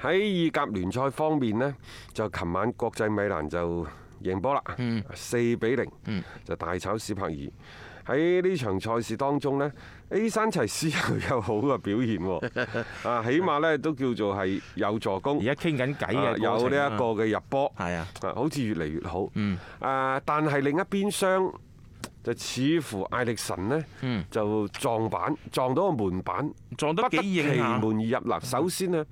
喺意甲聯賽方面呢，就琴晚國際米蘭就贏波啦，四比零，就大炒史柏爾。喺呢場賽事當中呢，A 山齊斯又有好嘅表現喎，啊，起碼呢都叫做係有助攻。而家傾緊偈嘅，有呢一個嘅入波，係啊，好似越嚟越好。啊，嗯、但係另一邊廂，就似乎艾力神咧就撞板撞到個門板，撞得幾硬下。不得其門而入嗱。首先咧，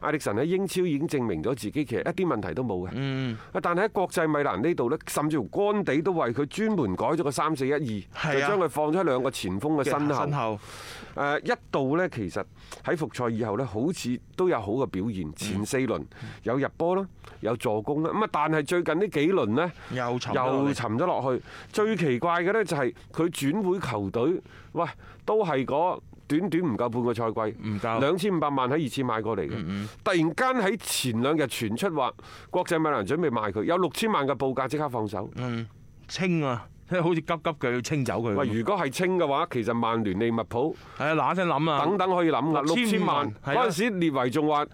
艾力神喺英超已經證明咗自己，其實一啲問題都冇嘅。嗯。啊，但係喺國際米蘭呢度咧，甚至乎干地都為佢專門改咗個三四一二，就將佢放咗兩個前鋒嘅身後。身後。誒一度咧，其實喺復賽以後咧，好似都有好嘅表現。前四輪有入波啦，有助攻啦。咁啊，但係最近呢幾輪咧，又沉又沉咗落去。最奇怪嘅咧～呢就係佢轉會球隊，喂，都係嗰短短唔夠半個賽季，唔夠兩千五百萬喺二次買過嚟嘅，突然間喺前兩日傳出話國際米蘭準備賣佢，有六千萬嘅報價即刻放手，嗯，清啊！好似急急嘅要清走佢。喂，如果係清嘅話，其實曼聯利物浦係啊，嗱聲諗啊，等等可以諗啊，六千萬嗰陣時列維仲話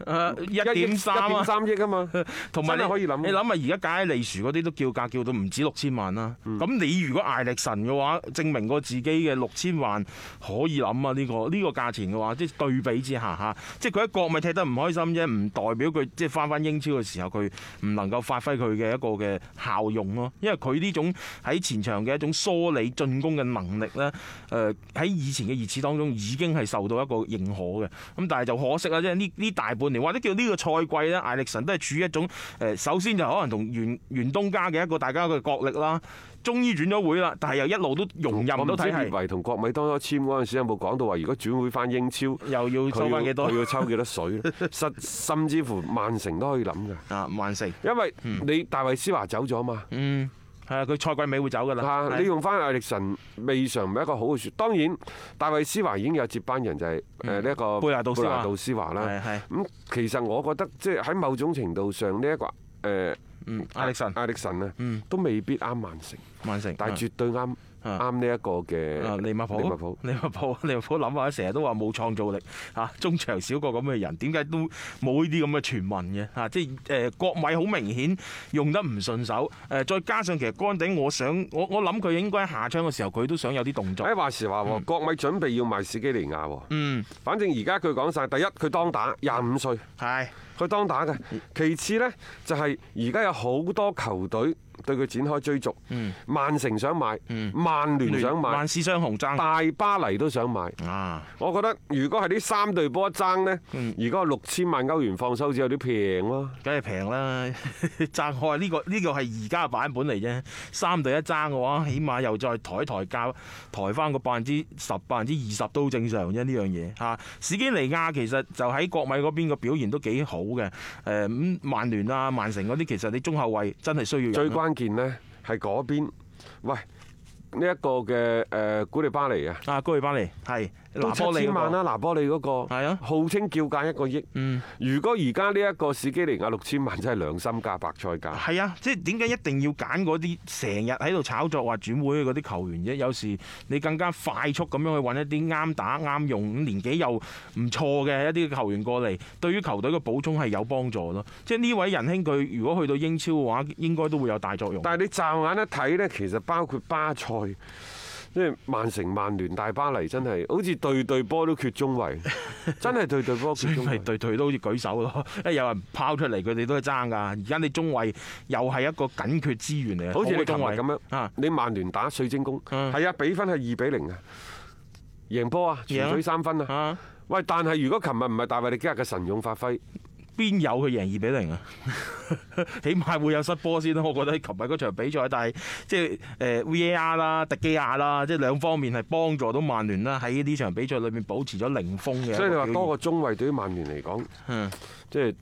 一點三，一點三億啊嘛，同埋你可以諗。你諗下而家解利樹嗰啲都叫價叫到唔止六千萬啦。咁、嗯、你如果艾力神嘅話，證明過自己嘅六千萬可以諗啊、這個，呢個呢個價錢嘅話，即、就、係、是、對比之下嚇，即係佢喺國米踢得唔開心啫，唔代表佢即係翻翻英超嘅時候佢唔能夠發揮佢嘅一個嘅效用咯。因為佢呢種喺前場嘅一種梳理進攻嘅能力咧，誒喺以前嘅熱刺當中已經係受到一個認可嘅，咁但係就可惜啦，即係呢呢大半年或者叫呢個賽季咧，艾力神都係處於一種誒，首先就可能同原原東家嘅一個大家嘅角力啦，終於轉咗會啦，但係又一路都融入，唔知葉維同國米當初簽嗰陣時有冇講到話，如果轉會翻英超，又要抽幾多？佢要抽幾多水？甚 甚至乎曼城都可以諗㗎。啊，曼城，因為你、嗯、大衛斯華走咗啊嘛。嗯。係啊，佢賽季尾會走噶啦。啊，你用翻艾力神未嘗唔係一個好嘅選，當然大衛斯華已經有接班人就係誒呢一個貝拿道斯華啦。係係，咁其實我覺得即係喺某種程度上呢一個誒，艾力，呃，艾力神啊，都未必啱曼城，曼城，但係絕對啱。啱呢一個嘅利，利，利物浦，利物浦，利物浦。利物浦，諗下，成日都話冇創造力嚇，中場少個咁嘅人，點解都冇呢啲咁嘅傳聞嘅嚇？即係誒，國米好明顯用得唔順手，誒，再加上其實乾頂我，我想我我諗佢應該下槍嘅時候，佢都想有啲動作。誒話時話國米準備要賣史基尼亞喎。嗯，反正而家佢講晒第一佢當打，廿五歲。係。佢當打嘅，其次呢，就係而家有好多球隊對佢展開追逐，嗯、曼城想買，嗯、曼聯想買，曼市雙雄爭，大巴黎都想買。啊，我覺得如果係呢三隊波爭呢，如果六千萬歐元放收子有啲平咯，梗係平啦。爭開呢個呢、呢個係而家嘅版本嚟啫，三隊一爭嘅話，起碼又再抬一抬價，抬翻個百分之十、百分之二十都正常啫。呢樣嘢嚇，史基尼，尼亞其實就喺國米嗰邊嘅表現都幾好。好嘅，誒、嗯，咁，曼聯啊、曼城嗰啲，其實你中後衛真係需要。最關鍵咧係嗰邊，喂，呢、這、一個嘅誒古利巴尼啊，啊，古利巴尼，係。都七千萬啦，拿波利嗰個，那個，係啊，號稱叫價一個億。嗯，如果而家呢一個史基尼亞六千萬，真係良心價白菜價。係啊，即係點解一定要揀嗰啲成日喺度炒作話轉會嗰啲球員啫？有時你更加快速咁樣去揾一啲啱打啱用，年紀又唔錯嘅一啲球員過嚟，對於球隊嘅補充係有幫助咯。即係呢位仁兄佢如果去到英超嘅話，應該都會有大作用。但係你驟眼一睇呢，其實包括巴塞。即係曼城、曼聯、大巴黎真係，好似對對波都缺中衞，真係對對波缺中衞， 對對都好似舉手咯。一有人拋出嚟，佢哋都係爭㗎。而家你中衞又係一個緊缺資源嚟，好似你琴日咁樣。你曼聯打水晶宮，係啊，比分係二比零啊，贏波啊，全取三分啊。喂，但係如果琴日唔係大衛迪基亞嘅神勇發揮，邊有佢贏二比零啊？起碼會有失波先啦。我覺得喺琴日嗰場比賽，但係即係誒 VAR 啦、迪基亞啦，即係兩方面係幫助到曼聯啦，喺呢場比賽裏面保持咗零封嘅。所以你話多個中衞對於曼聯嚟講，即係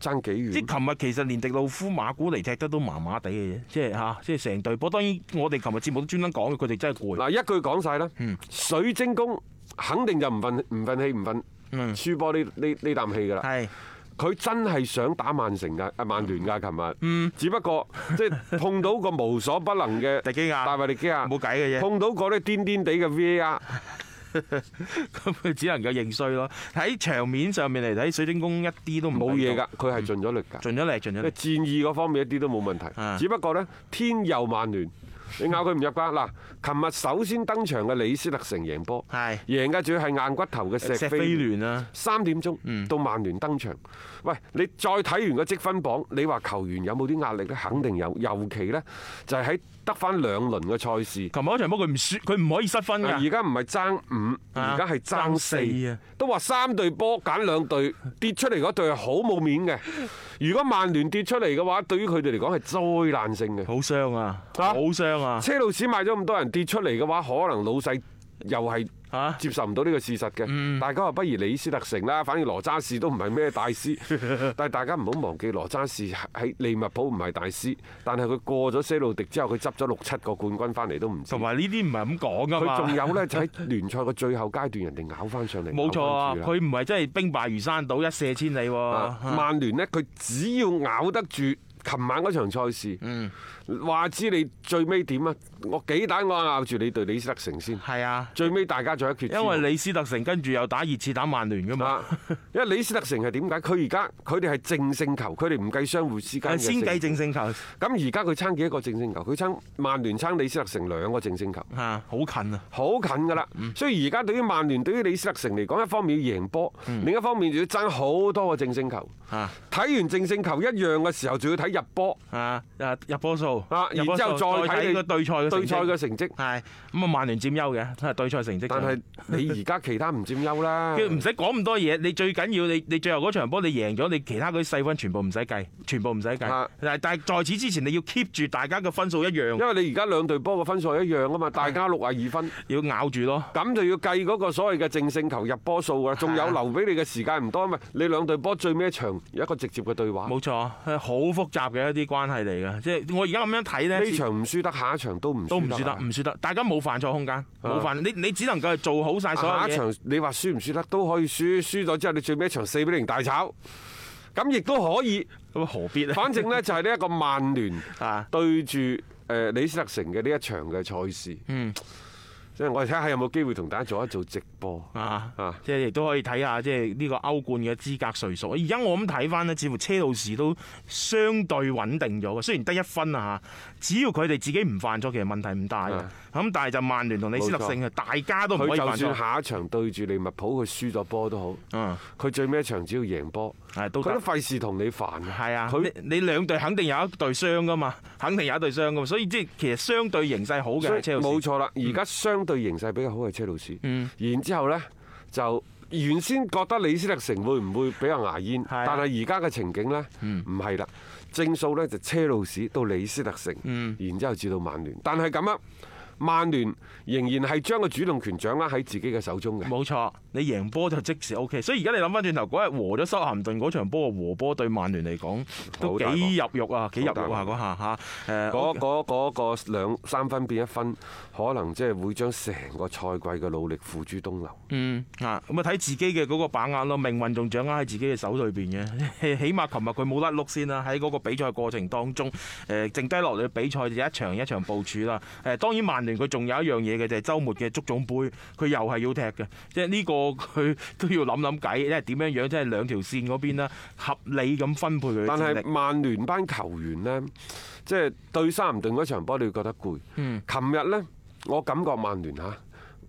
爭幾遠？即係琴日其實連迪路夫馬古尼踢得都麻麻地嘅啫，即係嚇，即係成隊波。當然我哋琴日節目都專登講嘅，佢哋真係攰。嗱，一句講晒啦，水晶宮肯定就唔憤唔憤氣唔憤輸波呢呢呢啖氣㗎啦，係。佢真係想打曼城㗎，係曼聯㗎，琴日。嗯。只不過即係碰到個無所不能嘅迪基亞、大衛迪基亞，冇計嘅嘢。碰到個啲癲癲地嘅 VAR，咁佢只能夠認輸認衰咯。喺場面上面嚟睇，水晶宮一啲都冇嘢㗎，佢係盡咗力㗎，盡咗力盡咗力。戰意嗰方面一啲都冇問題，只不過咧天佑曼聯。你咬佢唔入關嗱！琴日首先登場嘅李斯特城贏波，係贏嘅主要係硬骨頭嘅石飛聯啦。三點鐘到曼聯登場。嗯嗯喂，你再睇完個積分榜，你話球員有冇啲壓力咧？肯定有，尤其咧就係喺得翻兩輪嘅賽事。琴晚一場波佢唔輸，佢唔可以失分㗎，啊。而家唔係爭五，而家係爭四，都話三對波揀兩對跌出嚟嗰對係好冇面嘅。如果曼聯跌出嚟嘅話，對於佢哋嚟講係災難性嘅。好傷啊！好傷啊！啊車路士買咗咁多人跌出嚟嘅話，可能老細。又係接受唔到呢個事實嘅，大家話不如李斯特城啦，反而羅渣士都唔係咩大師，但係大家唔好忘記羅渣士喺利物浦唔係大師，但係佢過咗些路迪之後，佢執咗六七個冠軍翻嚟都唔同埋呢啲唔係咁講㗎，佢仲有呢，就喺聯賽嘅最後階段人，人哋咬翻上嚟，冇錯，佢唔係真係兵敗如山倒，一瀉千里。曼聯呢，佢只要咬得住，琴晚嗰場賽事，話知你最尾點啊？我幾打我都咬住你對李斯特城先，係啊，最尾大家仲有決戰，啊。因為李斯特城跟住又打熱刺打曼聯嘅嘛。因為李斯特城係點解？佢而家佢哋係正勝球，佢哋唔計相互之間嘅。先計正勝球。咁而家佢爭幾多個正勝球？佢爭曼聯爭李斯特城兩個正勝球。好近啊！好近㗎啦。所以而家對於曼聯對於李斯特城嚟講，一方面要贏波，另一方面就要爭好多個正勝球。睇完正勝球一樣嘅時候，仲要睇入波，啊。入波數。數然之後再睇個對賽。對賽嘅成績係咁啊，曼聯佔優嘅，睇下對賽成績。但係你而家其他唔佔優啦。佢唔使講咁多嘢，你最緊要你你最後嗰場波你贏咗，你其他嗰啲細分全部唔使計，全部唔使計。係，但係在此之前你要 keep 住大家嘅分數一樣。因為你而家兩隊波嘅分數一樣啊嘛，大家六廿二分。要咬住咯。咁就要計嗰個所謂嘅淨勝球入波數啊，仲有留俾你嘅時間唔多啊嘛。你兩隊波最尾一場有一個直接嘅對話。冇錯，係好複雜嘅一啲關係嚟嘅，即係我而家咁樣睇咧。呢場唔輸得，下一場都。都唔輸得，唔輸得，大家冇犯錯空間，冇是的 犯，你你只能夠做好晒所有嘢。下一場你話輸唔輸得都可以輸，輸咗之後你最尾一場四比零大炒，咁亦都可以。咁何必咧？反正呢就係呢一個曼聯對住誒李斯特城嘅呢一場嘅賽事。 嗯即係我哋睇下有冇機會同大家做一做直播啊！啊，即係亦都可以睇下即係呢個歐冠嘅資格誰屬。而家我咁睇翻呢，似乎車路士都相對穩定咗嘅，雖然得一分啊嚇。只要佢哋自己唔犯錯，其實問題唔大嘅。咁、啊、但係就曼聯同李斯特城啊，錯大家都唔可以犯錯。佢就算下一場對住利物浦佢輸咗波都好，佢、啊、最尾一場只要贏波。係，都得費事同你煩。係啊的，佢他你，你兩隊肯定有一隊傷噶嘛，肯定有一隊傷噶嘛，所以即係其實相對形勢好嘅車路士。冇錯啦，而家相對形勢比較好嘅車路士。嗯。然之後呢，就原先覺得里斯特城會唔會比較牙煙，是的 但係而家嘅情景呢，唔係啦。正數呢，就車路士到里斯特城，嗯、然之後至到曼聯，但係咁樣。曼聯仍然係將個主動權掌握喺自己嘅手中嘅。冇錯，你贏波就即時 OK。所以而家你諗翻轉頭嗰日和咗修咸頓嗰場波，和波對曼聯嚟講都幾入肉，入肉啊，幾入肉下嗰下嚇。誒我，嗰、嗰個、嗰個、兩三分變一分，可能即係會將成個賽季嘅努力付諸東流。嗯啊，咁啊睇自己嘅嗰個把握咯，命運仲掌握喺自己嘅手裏邊嘅。起碼琴日佢冇甩碌先啦，喺嗰個比賽過程當中，誒剩低落嚟嘅比賽就一場，一場一場部署啦。誒，當然曼聯佢仲有一樣嘢嘅就係、是、週末嘅足總杯，佢又係要踢嘅，即係呢個佢都要諗諗計，即係點樣樣，即係兩條線嗰邊呢，合理咁分配佢。但係曼聯班球員呢，即、就、係、是、對三連嗰場波，你會覺得攰？琴、嗯、日呢，我感覺曼聯嚇，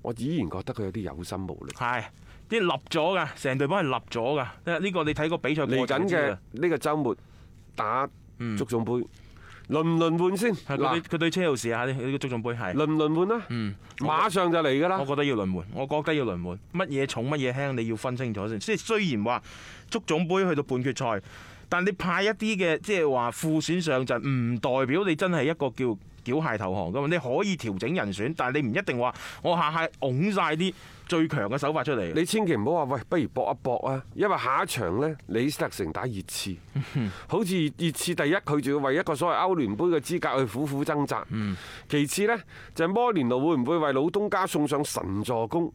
我依然覺得佢有啲有心無力。係，啲立咗㗎，成隊幫係立咗㗎。即呢個你睇個比賽過程。嚟緊嘅呢個週末打足總杯。嗯嗯輪唔輪換先？佢佢對車路士，呢個足總杯係輪唔輪換啊？嗯，馬上就嚟噶啦！我覺得要輪換，我覺得要輪換。乜嘢重乜嘢輕，你要分清楚先。即係雖然話足總杯去到半決賽。但你派一啲嘅即係話副選上陣，唔代表你真係一個叫繳械投降噶嘛？你可以調整人選，但係你唔一定話我下下拱晒啲最強嘅手法出嚟。你千祈唔好話喂，不如搏一搏啊！因為下一場呢，李斯特城打熱刺，好似熱刺第一佢就要為一個所謂歐聯杯嘅資格去苦苦掙扎。嗯、其次呢，就係、是、摩連奴會唔會為老東家送上神助攻？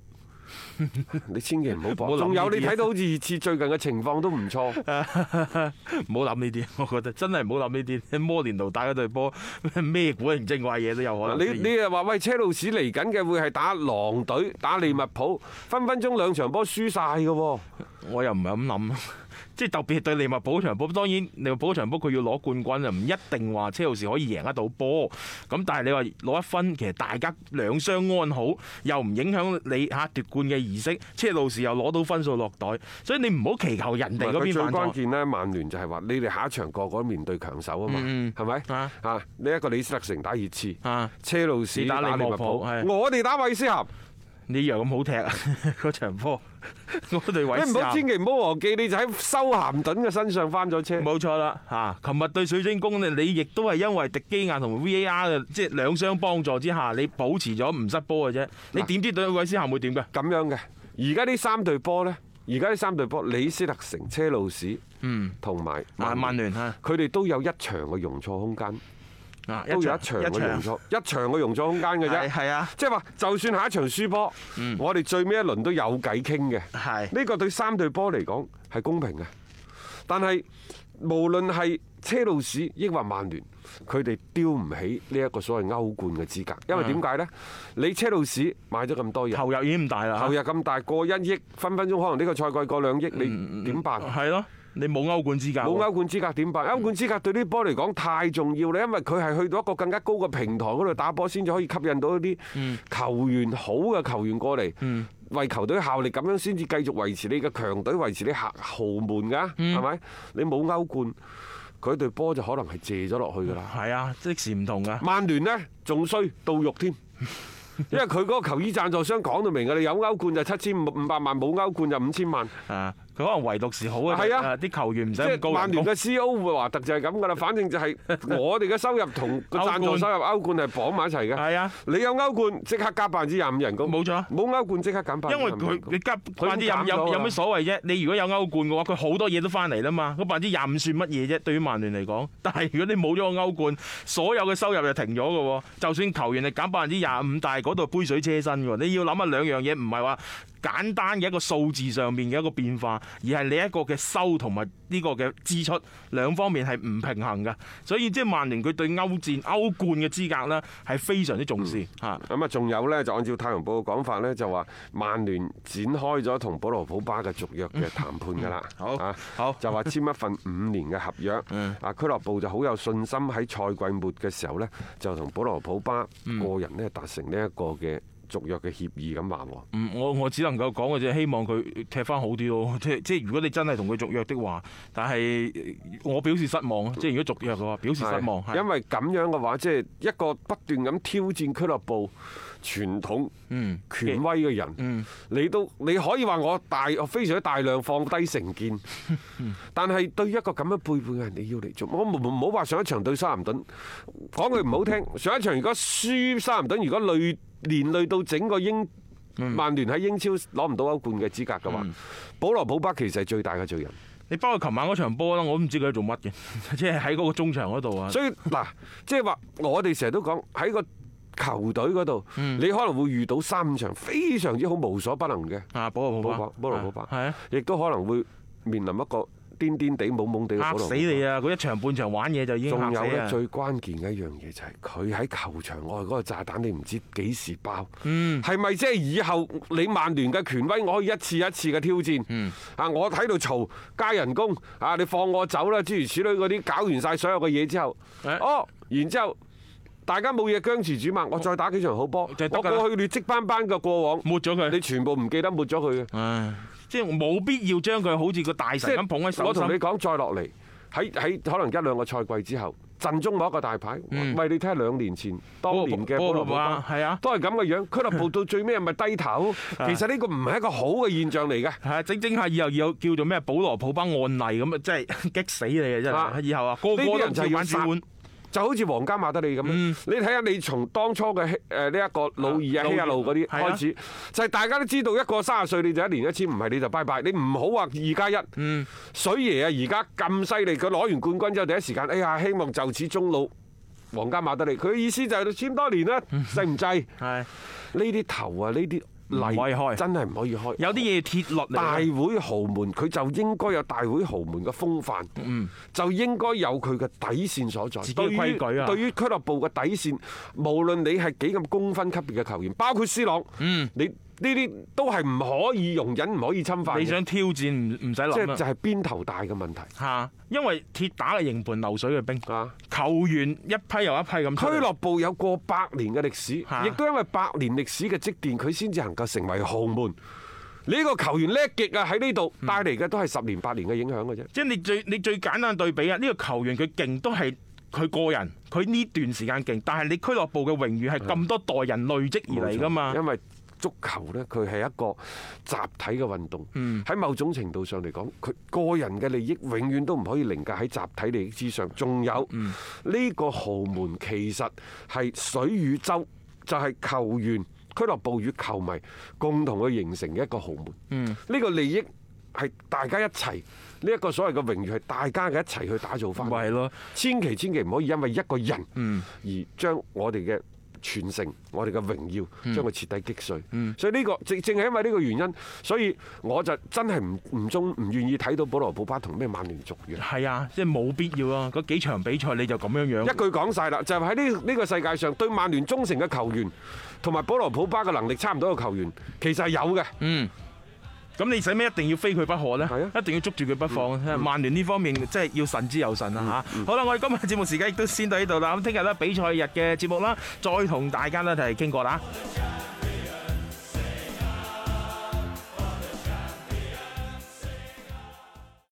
你千祈唔好，仲有你睇到好似熱刺最近嘅情況都唔錯，唔好諗呢啲，我覺得真係唔好諗呢啲。你摩連奴打嗰隊波，咩古靈精怪嘢都有可能。你你又話喂，車路士嚟緊嘅會係打狼隊，打利物浦，嗯、分分鐘兩場波輸晒㗎。我又唔係咁諗。即係特別對利物浦場波，當然利物浦場波佢要攞冠軍啊，唔一定話車路士可以贏得到波。咁但係你話攞一分，其實大家兩相安好，又唔影響你嚇奪冠嘅儀式。車路士又攞到分數落袋，所以你唔好祈求人哋嗰邊萬。關鍵咧，曼聯就係話你哋下一場個個面對強手、嗯、吧啊嘛，係咪？嚇呢一個李斯特城打熱刺，車路士打利物浦，物是的 我哋打韋斯咸，你以為咁好踢啊嗰 場波。我哋唔好千祈唔好忘記，你就喺修咸頓嘅身上翻咗車。冇錯啦，吓，琴日對水晶宮咧，你亦都係因為迪基亞同 VAR 嘅，即係兩相幫助之下，你保持咗唔失波嘅啫。你點知對韋斯咸會點嘅？咁、啊、樣嘅。而家呢三隊波呢，而家呢三隊波，里斯特城、車路士，嗯，同埋曼曼聯吓，佢哋都有一場嘅容錯空間。啊，都有一場嘅容錯，一場嘅容錯空間嘅啫，係啊，即係話，就算下一場輸波，我哋最尾一輪都有偈傾嘅，係。呢個對三隊波嚟講係公平嘅，但係無論係車路士抑或曼聯，佢哋丟唔起呢一個所謂歐冠嘅資格，因為點解呢？你車路士買咗咁多嘢，投入已經咁大啦，投入咁大過一億，分分鐘可能呢個賽季過兩億，你點辦？係咯。你冇歐冠資格，冇歐冠資格點辦？歐冠資格對啲波嚟講太重要啦，因為佢係去到一個更加高嘅平台嗰度打波，先至可以吸引到一啲球員好嘅球員過嚟，為球隊效力，咁樣先至繼續維持你嘅強隊，維持你豪門㗎，係咪？你冇歐冠，佢對波就可能係謝咗落去㗎啦。係啊，即時唔同㗎。曼聯呢仲衰，到肉添，因為佢嗰個球衣贊助商講到明㗎，你有歐冠就七千五百萬，冇歐冠就五千萬。啊！佢可能唯獨是好是啊！係啊，啲球員唔使曼聯嘅 CO 會話特就係咁噶啦。 反正就係我哋嘅收入同個贊助收入歐冠係綁埋一齊嘅。係 啊，你有歐冠即刻加百分之廿五人工。冇錯，冇歐冠即刻減百分之廿五，因為佢你加他減啲有有有咩所謂啫？你如果有歐冠嘅話，佢好多嘢都翻嚟啦嘛。個百分之廿五算乜嘢啫？對於曼聯嚟講，但係如果你冇咗個歐冠，所有嘅收入就停咗㗎。就算球員係減百分之廿五，但係嗰度杯水車薪喎。你要諗下兩樣嘢，唔係話。簡單嘅一個數字上面嘅一個變化，而係你一個嘅收同埋呢個嘅支出兩方面係唔平衡嘅，所以即係曼聯佢對歐戰歐冠嘅資格呢係非常之重視嚇。咁啊、嗯，仲有呢，就按照《太陽報》嘅講法呢，就話曼聯展開咗同保羅普巴嘅續約嘅談判噶啦、嗯嗯，好啊，好就話簽一份五年嘅合約，啊俱、嗯嗯、樂部就好有信心喺賽季末嘅時候呢，就同保羅普巴個人呢達成呢一個嘅。續約嘅協議咁話喎？我、嗯、我只能夠講嘅就希望佢踢翻好啲咯。即即如果你真係同佢續約的話，但係我表示失望。嗯、即如果續約嘅話，表示失望。因為咁樣嘅話，是即係一個不斷咁挑戰俱樂部傳統權威嘅人，嗯嗯、你都你可以話我大，我非常大量放低成見。嗯嗯、但係對一個咁樣背叛嘅人，你要嚟續？我唔好話上一場對沙林頓，講句唔好聽。 上一場如果輸沙林頓，如果累。連累到整個英曼、嗯、聯喺英超攞唔到歐冠嘅資格嘅話，保羅普巴其實係最大嘅罪人。你包括琴晚嗰場波啦，我唔知佢做乜嘅，即係喺嗰個中場嗰度啊。所以嗱，即係話我哋成日都講喺個球隊嗰度，你可能會遇到三場非常之好、無所不能嘅保羅普巴，保羅普巴，係啊，亦都可能會面臨一個。癲癲地懵懵地，嚇死你啊！佢一場半場玩嘢就已經仲有咧，最關鍵嘅一樣嘢就係佢喺球場外嗰個炸彈，你唔知幾時爆。嗯，係咪即係以後你曼聯嘅權威，我可以一次一次嘅挑戰？嗯，啊，我喺度嘈加人工，啊，你放我走啦，諸如此類嗰啲，搞完晒所有嘅嘢之後，嗯、哦，然之後。大家冇嘢僵持住嘛？我再打幾場好波，我過去劣跡斑斑嘅過往，抹咗佢，你全部唔記得，抹咗佢即係冇必要將佢好似個大石咁捧喺手。我同你講，再落嚟，喺喺可能一兩個賽季之後，陣中攞個大牌，喂，你睇兩年前當年嘅保羅普，係啊，都係咁嘅樣。俱樂部到最尾係咪低頭？其實呢個唔係一個好嘅現象嚟嘅。整整下以後以後叫做咩？保羅普巴案例咁啊，即係激死你啊！真係，以後啊，個人都要殺。就好似皇家馬德里咁啦，你睇下你從當初嘅希呢一個老二啊希亞路嗰啲開始，就係大家都知道一個三十歲你就一年一次，唔係你就拜拜。你唔好話二加一。嗯、水爺啊，而家咁犀利，佢攞完冠軍之後第一時間，哎呀，希望就此終老皇家馬德里。佢嘅意思就係簽多年啦，制唔制？係呢啲頭啊，呢啲。唔可以開，真係唔可以開。有啲嘢鐵律。大會豪門佢就應該有大會豪門嘅風範，嗯、就應該有佢嘅底線所在。自己規矩啊，對於，對於俱樂部嘅底線，無論你係幾咁公分級別嘅球員，包括 C 朗，嗯、你。呢啲都係唔可以容忍、唔可以侵犯。你想挑戰唔唔使諗。即係就係邊頭大嘅問題。嚇，因為鐵打嘅營盤流水嘅兵。嚇是，球員一批又一批咁俱樂部有過百年嘅歷史，亦都是因為百年歷史嘅積澱，佢先至能夠成為豪門。你呢個球員叻極啊，喺呢度帶嚟嘅都係十年八年嘅影響嘅啫。即係、嗯就是、你最你最簡單對比啊，呢、這個球員佢勁都係佢個人，佢呢段時間勁，但係你俱樂部嘅榮譽係咁多代人累積而嚟㗎嘛。因為足球呢，佢係一個集體嘅運動，喺某種程度上嚟講，佢個人嘅利益永遠都唔可以凌駕喺集體利益之上。仲有呢、嗯、個豪門其實係水與舟，就係、是、球員、俱樂部與球迷共同去形成嘅一個豪門。呢、嗯、個利益係大家一齊，呢、這、一個所謂嘅榮譽係大家嘅一齊去打造翻。係咯，千祈千祈唔可以因為一個人而將我哋嘅。傳承我哋嘅榮耀，將佢徹底擊碎。嗯、所以呢個正正係因為呢個原因，所以我就真係唔唔中唔願意睇到保羅普巴同咩曼聯續約。係啊，即係冇必要啊。嗰幾場比賽你就咁樣樣，一句講晒啦，就喺呢呢個世界上，對曼聯忠誠嘅球員，同埋保羅普巴嘅能力差唔多嘅球員，其實係有嘅。嗯。咁你使咩一定要非佢不可呢？係啊，一定要捉住佢不放。曼聯呢方面即係要慎之又慎啊！吓、嗯。嗯、好啦，我哋今日節目時間亦都先到呢度啦。咁聽日咧比賽日嘅節目啦，再同大家咧一齊傾過啦。